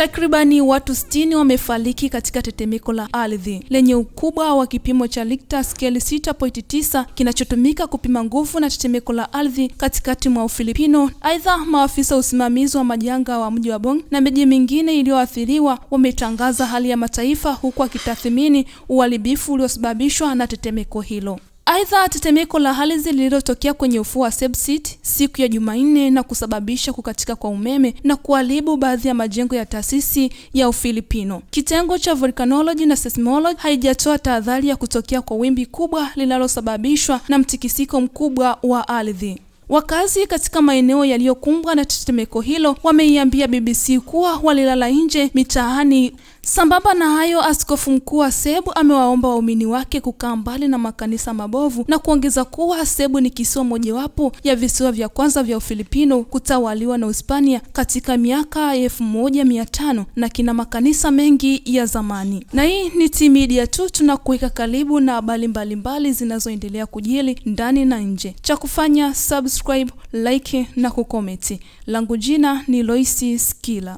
Takribani watu 60 wamefariki katika tetemeko la ardhi lenye ukubwa wa kipimo cha Richter scale 6.9 kinachotumika kupima nguvu na tetemeko la ardhi katikati mwa Ufilipino. Aidha, maafisa usimamizi wa majanga wa mji wa Bong na miji mingine iliyoathiriwa wametangaza hali ya mataifa huku akitathmini uharibifu uliosababishwa na tetemeko hilo. Aidha, tetemeko la ardhi lililotokea kwenye ufuo wa Sebsit siku ya Jumanne na kusababisha kukatika kwa umeme na kuharibu baadhi ya majengo ya taasisi ya Ufilipino. Kitengo cha volcanology na seismology haijatoa tahadhari ya kutokea kwa wimbi kubwa linalosababishwa na mtikisiko mkubwa wa ardhi. Wakazi katika maeneo yaliyokumbwa na tetemeko hilo wameiambia BBC kuwa walilala nje mitaani. Sambamba na hayo, askofu mkuu wa Sebu amewaomba waumini wake kukaa mbali na makanisa mabovu na kuongeza kuwa Sebu ni kisiwa mojawapo ya visiwa vya kwanza vya Ufilipino kutawaliwa na Hispania katika miaka elfu moja mia tano na kina makanisa mengi ya zamani. Na hii ni t tu, tunakuweka karibu na habari mbalimbali zinazoendelea kujili ndani na nje. Cha kufanya subscribe kusubscribe, like na kukomenti. Langu jina ni Loisi Skila.